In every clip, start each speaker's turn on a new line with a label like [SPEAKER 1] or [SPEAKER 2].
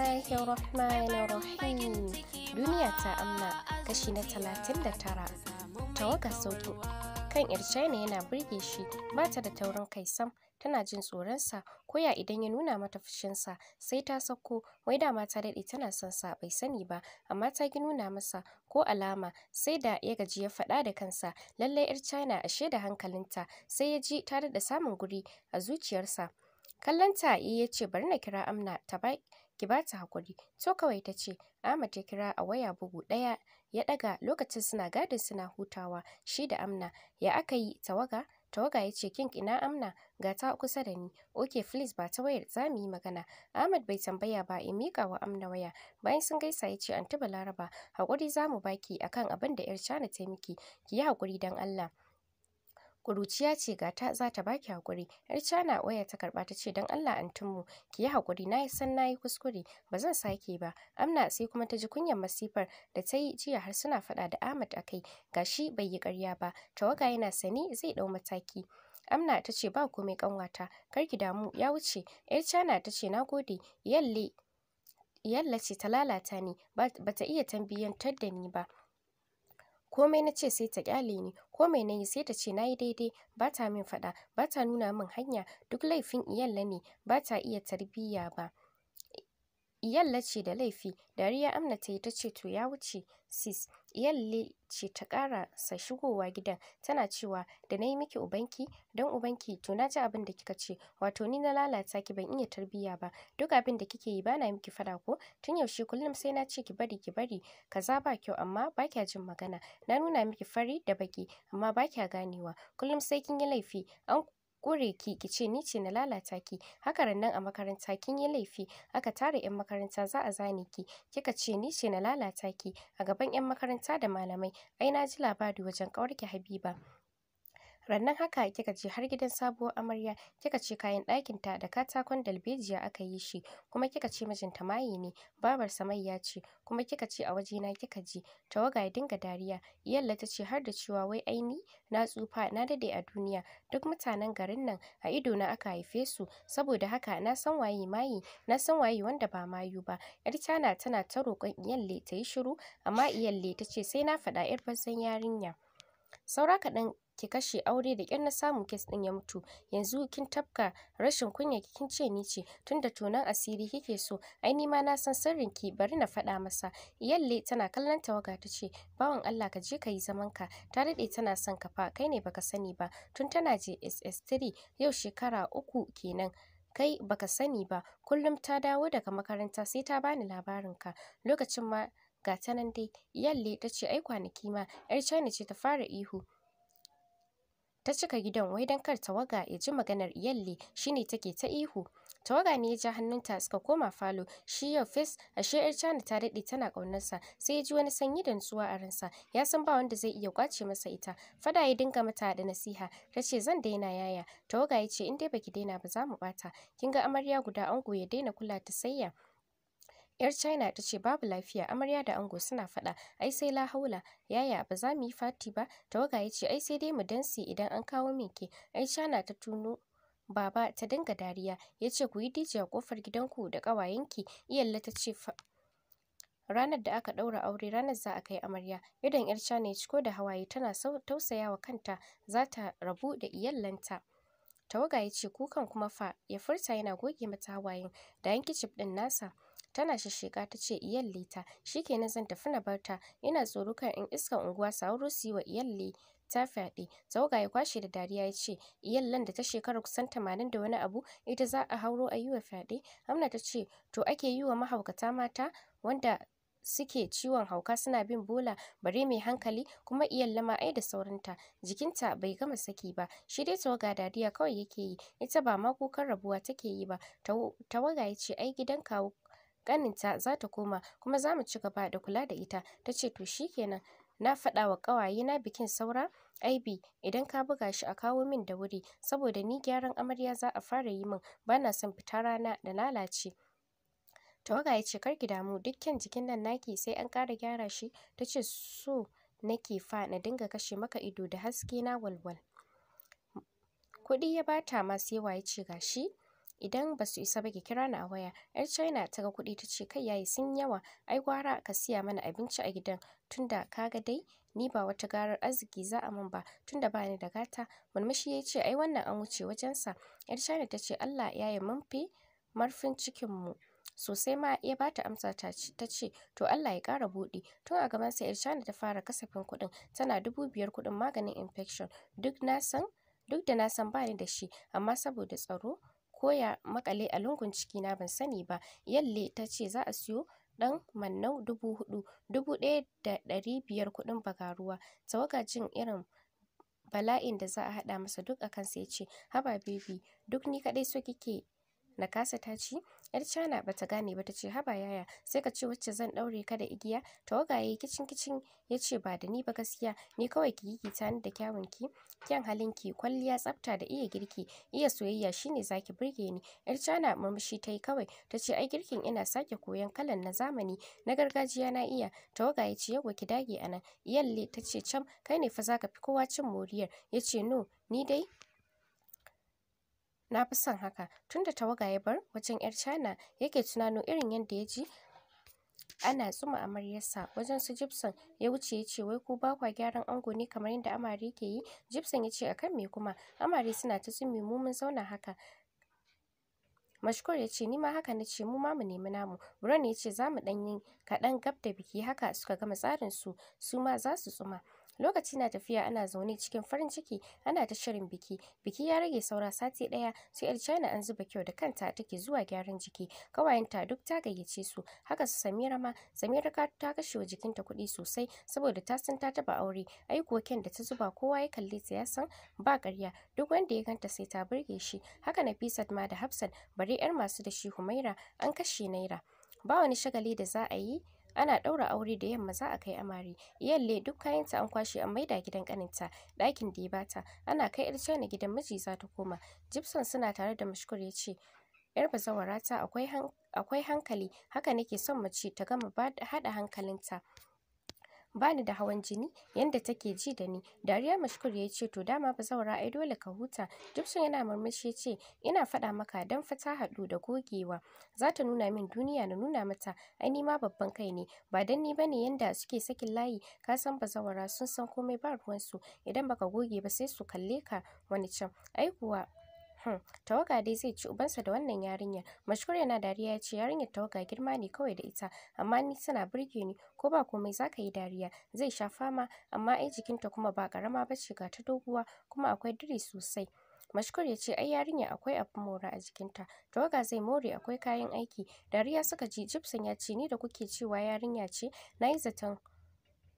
[SPEAKER 1] Bismillahi Duniya ta amna kashi na 39 Tawaga sauki kan china yana burge shi ba ta da taurin kai sam tana jin tsoronsa ya idan ya nuna mata fushinsa sai ta sako wai dama ta daɗe tana son sa bai sani ba amma ta gi nuna masa ko alama sai da ya gaji ya faɗa da kansa lallai yar china ashe da hankalinta sai ya ji ta daɗa samun guri a zuciyarsa kallon ta ya ce bari na kira amna ta bai ki ba ta hakuri to kawai ta ce Ahmad ya kira a waya bugu ɗaya ya daga lokacin suna gadin suna hutawa shi da Amna ya aka yi tawaga tawaga ya ce king ina amna ga ta kusa da ni ok please ba ta wayar za mu yi magana ahmad bai tambaya ba in miƙa wa amna waya bayan sun gaisa ya ce anti balaraba hakuri za mu baki akan abin da yar cana ta miki ki yi hakuri don allah kuruciya ce ga ta za ta baki hakuri Yar Cana a waya ta karba ta ce don Allah tumu ki yi hakuri na san na yi kuskure ba zan sake ba. Amna sai kuma ta ji kunyar masifar da ta yi jiya har suna faɗa da Ahmad a kai Ga shi bai yi karya ba tawaga yana sani zai ɗau mataki. Amna ta ce ba komai kanwata. kar ki damu ya wuce. Yar Cana ta ce na gode yalle ce ta lalata ni ba ta iya tambiyantar da ni ba. komai na ce sai ta kyale ni komai na yi sai ta ce na yi daidai ba ta min faɗa ba ta nuna min hanya duk laifin iyalla ne ba ta iya tarbiyya ba Iyalla ce da laifi, dariya Amna ta yi ta ce to ya wuce sis, Iyalle ce ta sa shigowa gidan tana cewa da na yi miki ubanki don ubanki to na ji abin da kika ce wato ni na lalata ki ban iya tarbiyya ba duk abin da kike yi bana miki fada ko tun yaushe kullum sai na ce ki bari ki bari kaza ba kyau amma ba kya jin magana na nuna miki fari da baki amma ba kya ganewa kullum sai kin yi laifi an kure ki ki ce ni ce na lalata ki haka nan a makaranta kin yi laifi aka tara yan makaranta za a zane ki kika ce ni ce na lalata ki a gaban yan makaranta da malamai ai na ji labari wajen ƙawarki Habiba rannan haka kika je har gidan sabuwar amarya kika ce kayan ɗakin ta da katakon dalbejiya aka yi shi kuma kika ce mijinta mayi ne babar ya ce kuma kika ce a waje na kika je tawaga ya dinga dariya iyalla ta ce har da cewa wai aini na tsufa na dade a duniya duk mutanen garin nan a ido na aka haife su saboda haka na san waye mayi na san waye wanda ba mayu ba yar tana tana ta roƙon iyalle ta yi shiru amma iyalle ta ce sai na faɗa yar bazan yarinya saura kaɗan ki kashe aure da kyar na samun kes din ya mutu yanzu kin tafka rashin kunya kin ce ni ce tunda tonan asiri kike so ai ni ma na san sirrin ki bari na faɗa masa iyalle tana kallon tawaga ta ce bawan Allah ka je kayi zaman ka ta daɗe tana son ka fa kai ne baka sani ba tun tana je SS3 yau shekara uku kenan kai baka sani ba kullum ta dawo daga makaranta sai ta bani labarin ka lokacin ma ga ta nan dai iyalle ta ce ai kwanaki ma yar china ce ta fara ihu ta cika gidan wai don kar tawaga ya ji maganar iyalle shine take ta ihu tawaga ne ya ja hannunta suka koma falo shi yau fes ashe yar cana ta daɗe tana ƙaunarsa sai ya ji wani sanyi da nutsuwa a ransa ya san ba wanda zai iya kwace masa ita fada ya dinga mata da nasiha ta ce zan daina yaya tawaga ya ce in dai baki daina ba za mu ɓata kin ga amarya guda ango ya daina kula ta sayya Yar China ta ce babu lafiya amarya da ango suna faɗa ai sai la haula yaya ba za mu yi fati ba tawaga ya ce ai sai dai mu dansi idan an kawo meke ai China ta tuno Baba ta dinga dariya ya ce ku yi DJ a kofar gidanku da ƙawayenki iyalla ta ce ranar da aka ɗaura aure ranar za a kai amarya idan yar China ya ciko da hawaye tana tausayawa kanta za ta rabu da iyallanta tawaga ya ce kukan kuma fa ya furta yana goge mata hawayen da chip ɗin nasa tana shishsheka ta ce iyalle shi kenan zan tafi na barta ina tsoro kan in iska unguwa sauro su yi wa iyalle ta fyaɗe tawaga ya kwashe da dariya ya ce iyallan da ta shekara kusan tamanin da wani abu ita za a hauro a yi wa fyaɗe hamna ta ce to ake yi wa mahaukata mata wanda suke ciwon hauka suna bin bola bare mai hankali kuma iyallama ai da saurinta jikinta bai gama saki ba shi dai tawaga dariya kawai yake yi ita ba ma kukan rabuwa take yi ba tawaga ya ce ai gidan kawo. ƙaninta za ta koma kuma za mu ci gaba da kula da ita ta ce to kenan. na faɗa wa ƙawayena bikin saura IB idan ka buga shi a kawo min da wuri saboda ni gyaran amarya za a fara yi min bana son fita rana da lalace tawaga ya ce kar ki damu dukkan jikin nan naki sai an ƙara gyara shi ta ce so nake fa na dinga kashe maka ido da haske na walwal kuɗi ya bata masu yawa ya ce gashi idan ba su isa ba ki kira ni a waya yar china ta ga kuɗi ta ce kai yayi sun yawa ai gwara ka siya mana abinci a gidan tunda kaga dai ni ba wata garar arziki za a min ba tunda ba ni da gata murmushi ya ce ai wannan an wuce wajensa yar china ta ce allah ya yi fi marfin cikinmu sosai ma ya ba ta amsa ta ce to Allah ya kara buɗe tun a gaban sa china ta fara kasafin kuɗin tana dubu biyar kuɗin maganin infection duk na san duk da na san ba ni da shi amma saboda tsaro koya ya makale a lungun ciki na ban sani ba yalle ta ce za a siyo dan mannau dubu hudu dubu ɗaya da ɗari biyar kuɗin bagaruwa tawaga jin irin bala'in da za a haɗa masa duk a kansa ya ce haba bebi duk ni kaɗai so kike na kasa taci yar cana bata gane ba tace haba yaya sai ka ce wacce zan daure ka da igiya tawagaye kicin kicin yace ba da ni ba gaskiya ni kawai ki yi ta da kyawun ki kyan halin ki kwalliya tsafta da iya girki iya soyayya shine zaki burge ni yar cana murmushi tayi kawai tace ai girkin ina sake koyon kalan na zamani na gargajiya na iya tawagaye ce yau ki dage anan iyalle tace cam kai ne fa zaka fi kowa cin moriyar yace no ni dai na fi son haka tunda tawaga ya bar wajen yar cana yake tunanin irin yadda ya ji ana tsuma amaryarsa wajen su Gibson ya wuce ya ce wai ku ba kwa gyaran ango ne kamar yadda amare ke yi Gibson ya ce a kan me kuma amare suna ta tsumi mu mun zauna haka Mashkur ya ce nima haka na ce mu ma mu nemi namu brown ya ce za mu ɗan yi kaɗan gab da biki haka suka gama tsarin su su ma za su tsuma lokaci na tafiya ana zaune cikin farin ciki ana ta shirin biki biki ya rage saura sati ɗaya su yar china an zuba kyau da kanta take zuwa gyaran jiki kawayenta duk ta gayyace su haka su samira ma samira ka ta kashe wa jikinta kuɗi sosai saboda ta san ta taba aure ai kuwa ken da ta zuba kowa ya kalle ta ya san ba ƙarya duk wanda ya ganta sai ta burge shi haka nafisat ma da hafsat bari yar masu da shi humaira an kashe naira ba wani shagali da za a yi ana ɗaura aure da yamma za a kai amare iyalle duk kayanta an kwashe an maida gidan kaninta ɗakin da ya bata ana kai yar china gidan miji za ta koma jibson suna tare da mashkur ya ce yar bazawara ta akwai akwai hankali haka nake son mace ta gama haɗa hankalinta bani da hawan jini yanda take ji da ni dariya mashkur ya ce to dama ba zaura ai dole ka huta jibson yana murmushi ya ce ina faɗa maka dan fata haɗu da gogewa za ta nuna min duniya na nuna mata ai ni ma babban kai ne ba dan ni bane yanda suke sakin layi ka san ba zaura sun san komai ba ruwan su idan baka goge ba sai su kalle ka wani can ai kuwa Hmm, tawaga dai zai ci ubansa da wannan yarinyar. Mashkur yana dariya ya ce yarinyar tawaga girma ne kawai da ita, amma ni tana burge ni ko ba komai za ka yi dariya. Zai sha fama, amma ai jikinta kuma ba ƙarama ba ce ga ta doguwa kuma akwai diri sosai. Mashkur ya ce ai yarinya akwai abu mora a jikinta. Tawaga zai more akwai kayan aiki. Dariya suka ji Gibson ya ce ni da kuke cewa yarinya ce, na yi zaton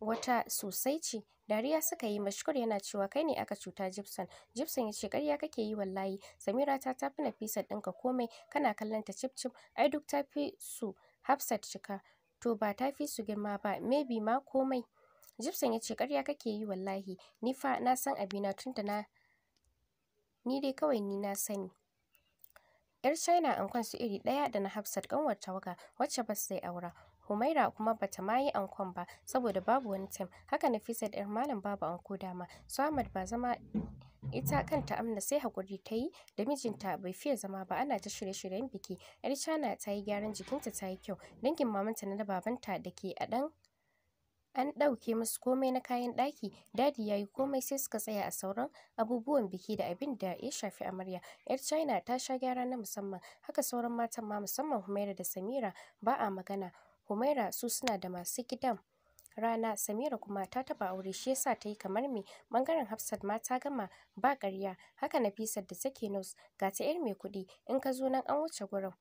[SPEAKER 1] wata sosai ce Dariya suka yi mashkur yana cewa kai ne aka cuta Gibson. Gibson ya ce ƙarya kake yi wallahi. Samira ta tafi Nafisa ɗinka komai kana kallon ta cip ai duk ta fi su Hafsat cika. To ba ta fi su girma ba maybe ma komai. Gibson ya ce ƙarya kake yi wallahi ni fa na san abina tunda na ni dai kawai ni na sani. ‘Yar China ankon su iri ɗaya da na Hafsat ƙanwar tawaga wacce ba sai aura Humaira kuma bata ma yi ankon ba saboda babu wani time. Haka da da malam babu anko dama. Su Ahmad ba zama ita kanta amna sai hakuri ta yi da mijinta bai fiye zama ba ana ta shirye-shiryen biki yar chana ta yi gyaran jikinta ta yi kyau dangin mamanta na babanta da ke a dan an ɗauke musu komai na kayan ɗaki dadi ya yi komai sai suka tsaya a sauran abubuwan biki da abin da ya shafi amarya yar china ta sha gyara na musamman haka sauran matan ma musamman humaira da samira ba a magana Humaira su suna da masu gidan rana Samira kuma ta taba aure shi yasa ta yi kamar me ɓangaren Hafsat ma ta gama ba ƙarya haka Nafisat da take nus ga ta yar mai kuɗi in ka zo nan an wuce gurin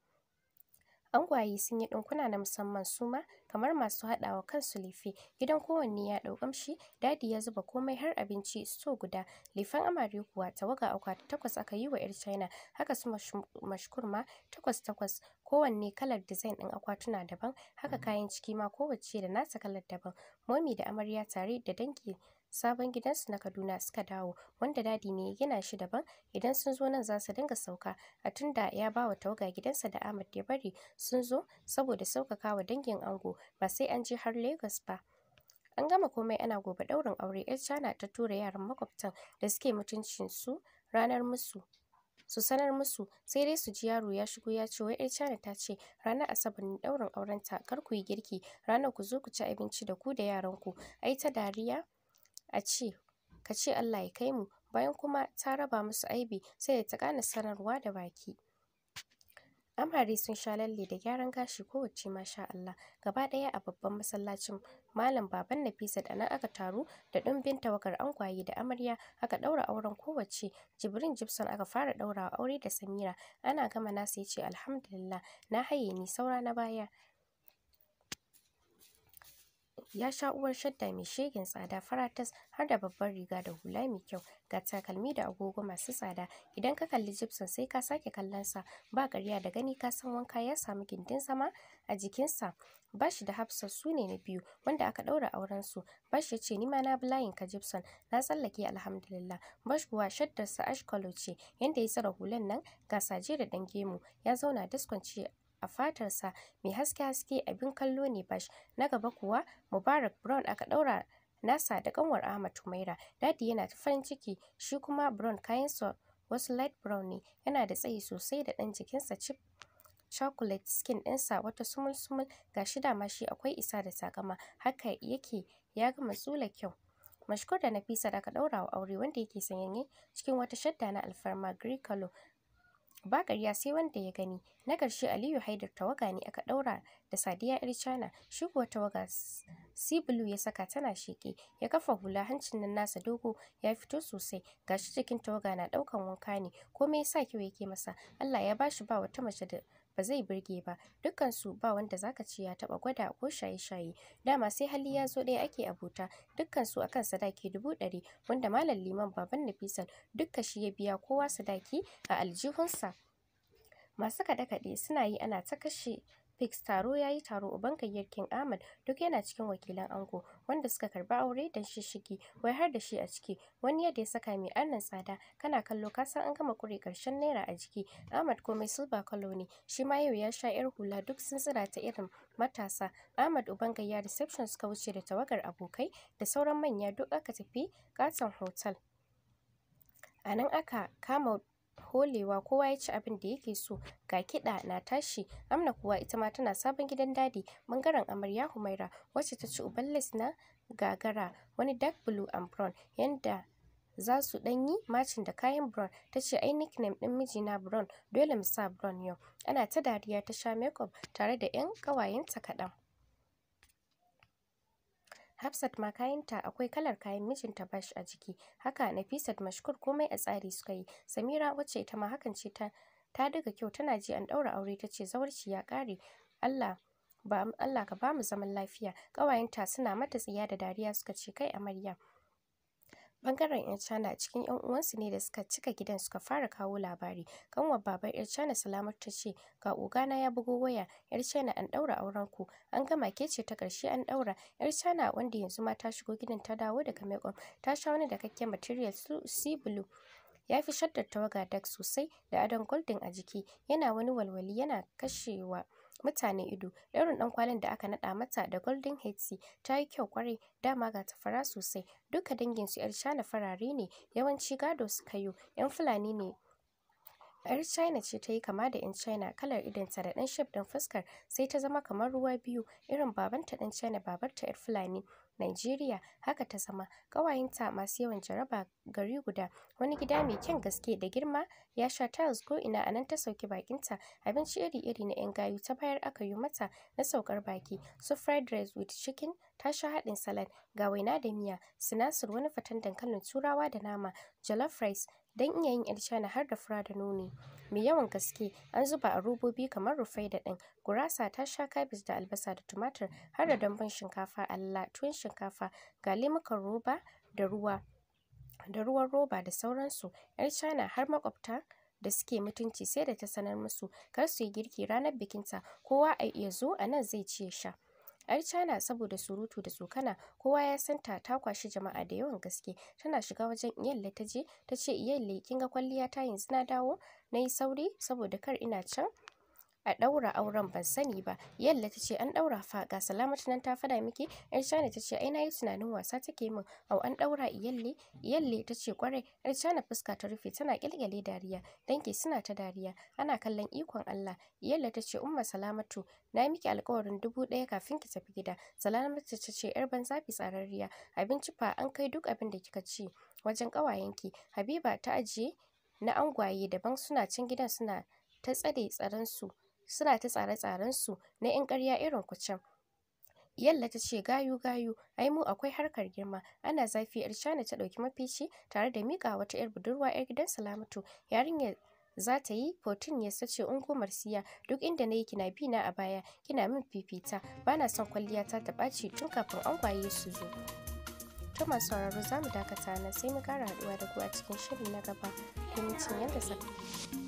[SPEAKER 1] Angwaye sun yi ɗinkuna na musamman suma kamar masu haɗawa kansu lifi gidan kowanne ya ɗau ƙamshi, dadi ya zuba komai har abinci so guda, lifan amare kuwa tawaga ta takwas aka yi wa 'yar China, haka su mashkur ma takwas-takwas, kowanne kalar dizain ɗin akwatuna daban, haka mm. kayan ciki ma kowacce da nata kalar daban, momi da amarya tare da danki. sabon gidansu na Kaduna suka dawo wanda dadi ne ya gina shi daban idan sun zo nan za su dinga sauka a tunda ya ba wa tawaga gidansa da Ahmad ya bari sun zo saboda saukaka wa dangin ango ba sai an je har Lagos ba. An gama komai ana gobe daurin aure 'yar chana ta tura yaran makwabtan da suke mutuncin su ranar musu su sanar musu sai dai su ji yaro ya shigo ya ce wai chana ta ce ranar asabar ne daurin aurenta kar ku yi girki ranar ku zo ku ci abinci da ku da yaran ku ai ta dariya a ce ka ce Allah ya kai mu bayan kuma ta raba musu aibi sai da ta ƙana sanarwa da baki amare sun sha lalle da gyaran gashi kowacce masha Allah gaba ɗaya a babban masallacin malam baban Nafisa da nan aka taru da ɗumbin tawagar angwaye da amarya aka ɗaura auren kowacce Jibrin jibson aka fara ɗaurawa aure da Samira ana gama nasa ya ce alhamdulillah na haye ni saura na baya ya sha uwar shadda mai shegin tsada faratas har da babbar riga da hula mai kyau ga takalmi da agogo masu tsada idan ka kalli gypsum sai ka sake kallonsa ba ƙarya da gani ka san wanka ya samu gindin sama a jikinsa bashi da hafsa su ne na biyu wanda aka ɗaura auren su bashi ya ce ni ma na bi layin ka gypsum na tsallake alhamdulillah bash kuwa shaddarsa ash ce yanda ya tsara hulan nan ga saje da ɗan gemu ya zauna daskwance a fatarsa mai haske-haske abin kallo ne bash na gaba kuwa mubarak brown aka ɗaura nasa da ƙanwar ahmad tumaira dadi yana ta farin ciki shi kuma brown kayansa wasu light brown ne yana da tsayi sosai da ɗan jikinsa chip chocolate skin ɗinsa wata sumul-sumul ga shi da ma shi akwai isa da sakama haka yake ya gama tsula kyau mashkur da nafisa da aka ɗaura wa aure wanda yake sanyanye cikin wata shadda na alfarma green color ba ƙarya sai wanda ya gani na ƙarshe aliyu haidar tawaga ne aka ɗaura da sadiya yar china shi kuwa tawaga sea ya saka tana sheƙe ya kafa hula hancin nan nasa dogo ya fito sosai gashi cikin tawaga na ɗaukan wanka ne komai ya sa kyau yake masa allah ya bashi ba wata mace da ba zai birge ba dukkansu ba wanda zaka ce ya taba gwada ko shaye-shaye dama sai hali ya zo ɗaya ake abota dukkansu akan sadaki dubu ɗari wanda malam liman baban nafisan dukka shi ya biya kowa sadaki a aljihunsa masu kaɗe-kaɗe suna yi ana ta kashe Fix taro ya yi taro uban king Ahmad duk yana cikin wakilan ango wanda suka karba aure da shishigi wai har da shi a ciki wani yadda ya saka mai annan tsada kana kallo ka san an gama kure karshen naira a jiki Ahmad komai silver color ne shi ma yau ya sha yar hula duk sun tsira ta irin matasa Ahmad uban gayya reception suka wuce da tawagar abokai da sauran manya duk aka tafi katon hotel a nan aka kama holewa kowa ya ci abin da yake so ga kiɗa na tashi amna kuwa ita ma tana sabon gidan dadi bangaren amarya humaira wacce ta ci uban na gagara wani dark blue and brown yanda za su ɗan yi macin da kayan brown ta ce ai nickname ɗin mijina brown dole mu sa brown yau ana ta dariya ta sha makeup tare da 'yan ƙawayenta kaɗan Hafsat ma kayanta akwai kalar kayan mijinta bash a jiki. Haka Nafisat mashkur komai a tsari suka yi. Samira wacce ita ma hakan ce ta ta daga kyau tana ji an ɗaura aure ta ce zawarci ya ƙare. Allah ba Allah ka bamu zaman lafiya. Ƙawayenta suna mata tsiya da dariya suka ce kai amarya. bangaren 'yan China cikin 'yan uwansu ne da suka cika gidan suka fara kawo labari. Ƙanwar babar 'yar China Salamatu ta ce, "Ga ogana ya bugo waya, 'yar China an ɗaura aurenku, an gama ke ce ta ƙarshe an ɗaura." 'Yar China wanda yanzu ma ta shigo gidan ta dawo daga Mekong, ta sha wani da dakakken material sea blue. ya fi shaddar tawaga Dark sosai da adon goldin a jiki, yana wani walwali yana kashewa. mutane ido launin dan kwalin da aka nada mata da golden hc ta yi kyau kwarai dama ga tafara sosai duka dangin su yar china farare ne yawanci gado su kayo yan fulani ne yar china ce ta yi kama da yan china kalar ta da dan shif din fuskar sai ta zama kamar ruwa biyu irin babanta dan china babarta yar fulani Najeriya haka ta zama. Ƙawayenta masu yawan jaraba gari guda, wani gida mai kyan gaske da girma ya sha tiles ina a nan ta sauki bakinta, abinci iri-iri na 'yan gayu ta bayar aka yi mata na saukar baki, su fried rice with chicken, ta sha haɗin salad, ga waina da miya, sinasir wani fatan dankalin turawa da nama, jollof rice, don iya yin yar China har da fura da nono mai yawan gaske an zuba a robobi kamar rufai da ɗin. Gurasa ta sha kabis da albasa da tumatir har da dambun shinkafa alala, tuwon shinkafa, ga limukan roba da ruwa da ruwan roba da sauransu. yar China har makwabta da suke mutunci sai da ta sanar musu kar su yi girki ranar bikinta kowa a iya zo a nan zai ci ya sha. Yar China saboda surutu da tsokana kowa ya santa ta kwashi jama'a da yawan gaske tana shiga wajen iyalle ta je ta ce iyalle kin ga kwalliya ta yanzu na dawo na yi sauri saboda kar ina can a ɗaura auren ban sani ba yalla ta ce an ɗaura fa ga salamatu nan ta fada miki yar shana ta ce ai na yi tunanin wasa take min au an ɗaura iyalle iyalle ta ce kwarai yar shana fuska ta rufe tana ƙyalƙyale dariya danki suna ta dariya ana kallon ikon Allah iyalle ta ce umma salamatu na yi miki alƙawarin dubu ɗaya kafin ki tafi gida salamatu ta ce yar ban zafi tsararriya abinci fa an kai duk abin da kika ci wajen ƙawayenki habiba ta ajiye na angwaye daban suna can gidan suna ta tsare tsaransu suna ta tsare tsaren su na 'yan ƙarya irin ku Yalla ta ce gayu gayu, ai mu akwai harkar girma, ana zafi yar Shana ta ɗauki mafici tare da mika wata 'yar budurwa 'yar gidan Salamatu, yarinyar za ta yi fotin ya sace ungumar siya duk inda na yi kina bi na a baya kina min fifita bana son kwalliya ta ta ɓaci tun kafin an kwaye su zo. ta masu sauraro za mu dakata na sai mu kara haɗuwa da ku a cikin shirin na gaba domin cin yadda sa